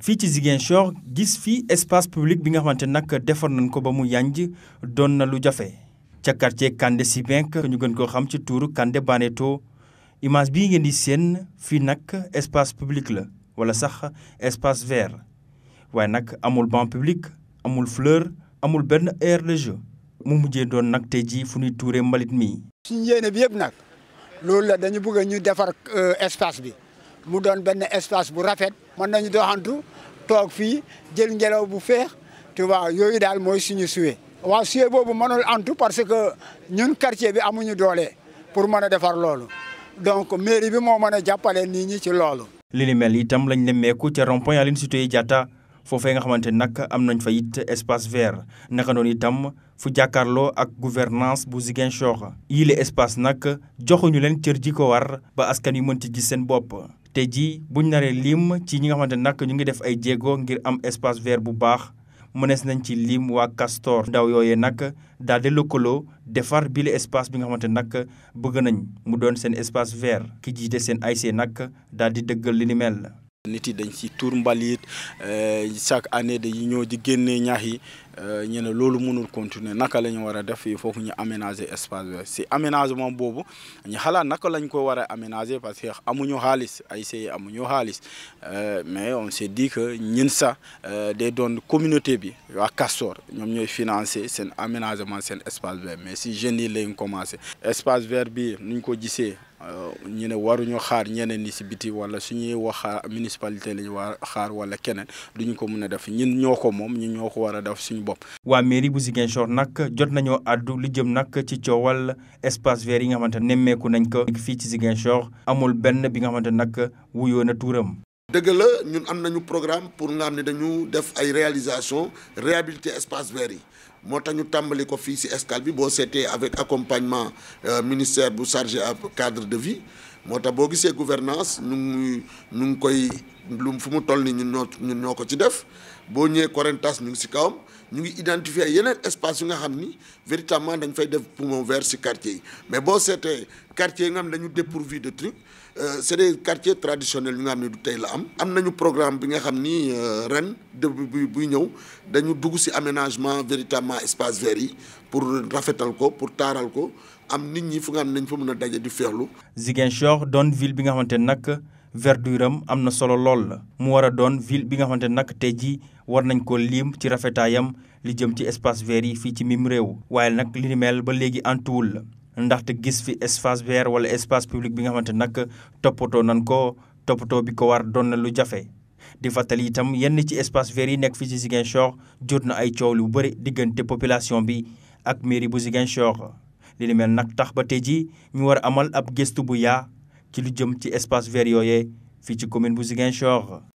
fii ci Ziguinchor gis fii espace public bi nga xamante nag defar nañ ko ba mu yànj doon na lu jafe ca quartier Kandé Sibink ñu gën koo xam ci tuuru Kandé Baneto image bii ngeen di seen fii nag espace public la wala sax espace vert waaye nag amul banc public amul fleur amul benn aire de jeu mu mujjee doon nag tey ji fu nuy tuuree mbalit mi. suñu yéene bi yëpp nag loolu la dañu bëgg ñu defar euh, espace bi mu doon benn espace bu rafet. mën nañu antu toog fii jël ngelaw bu feex tu vois yooyu daal mooy suñu suwe. waa suwe boobu mënul antu parce que ñun quartier bi amuñu doole pour mën a defar loolu donc mairie bi moo mën a jàppale nit ñi ci loolu. li ni mel itam lañu nemmeeku ca rond-point Aline Sitoé Diatta foofee nga xamante nag am nañ fa it espace vert naka noonu itam fu jàkkaarloo ak gouvernance bu Ziguinchor yii la espace nag joxuñu leen cër ji ko war ba askan wi mën ci gis seen bopp. te ji buñ naree lim ci ñi nga xamante nag ñu ngi def ay jéego ngir am espace vert bu baax mënees nañ ci lim waa Castor ndaw yooyee nag daal di lëkkaloo defar bile espace bi nga xamante nag bëgg nañ mu doon seen espace vert ki jiite seen AIC nag daal di dëggal li ni mel. nit yi dañ ci tuur mbalit euh, chaque année dañuy ñëw di génnee ñaax yi. Euh, ñu ne loolu mënul continuer naka la ñu war a def il faut ñu aménager espace bi si aménagement boobu ñu xalaat naka lañ ko war a aménager parce que amuñu xaalis ay see amuñu xaalis euh, mais on s'est di que ñun sax euh, day doon communauté bi waa Castor ñoom ñooy financer seen aménagement seen espace vert mais si jeunes yi lañ commencé espace vert bi nuñ ko gisee ñu ne waruñu xaar ñeneen ni si biti wala suñuy wax municipalité lañu war xaar wala keneen duñu ko mën a def ñun ñoo ko moom ñun ñoo ko war a def suñu bopp. waa mairie bu Ziguinchor nag jot nañoo àddu lu jëm nag ci coowal espace vert yi nga xamante nemmeeku nañ ko fii ci Ziguinchor amul benn bi nga xamante nag wuyoo na tuuram. dëgg la ñun am nañu programme pour nga xam ne dañu def ay réalisation réabilité espace vert yi moo tax ñu tàmbali ko fii ci escale bi boo seetee avec accompagnement euh, ministère bu chargé à cadre de vie. moo tax boo gisee gouvernance ñu ngi ngi koy lu fu mu toll nii ñun ñoo ñun ñoo ko ci def boo ñëwee Correntas ñu ngi si kawam ñu ngi identifier yeneen espace yu nga xam ni véritablement dañu fay def poumon vert si quartier yi mais boo seetee quartier yi nga xam ne dañu dépourvu de truc euh, c'est des quartiers traditionnels yu nga xam ne du tey la am am nañu programme bi nga xam ni euh, ren de bu buy ñëw dañu dugg si aménagement véritablement espace vert yi pour rafetal ko pour taaral ko am nit ñi fu nga xam nañ fa mën a daje di feexlu. Ziguinchor doon ville bi nga xamante ne nag verdure am am na solo lool la mu war a doon ville bi nga xamante ne nag tey jii war nañ ko liim ci rafetaayam li jëm ci espace vert yi fii ci mim réew. waaye nag li ni mel ba léegi antuwul ndaxte gis fi espace vert wala espace public bi nga xamante nag toppatoo nan ko toppatoo bi ko war doon na lu jafe. di fàttali itam yenn ci espace vert yi nekk fii ci Ziguinchor jot na ay coow lu bëri diggante population bi ak mairie bu Ziguinchor. li ni mel nag tax ba tey ji ñu war a amal ab gëstu bu yaa ci lu jëm ci espace vert yooyee fii ci commune bu Ziguinchor.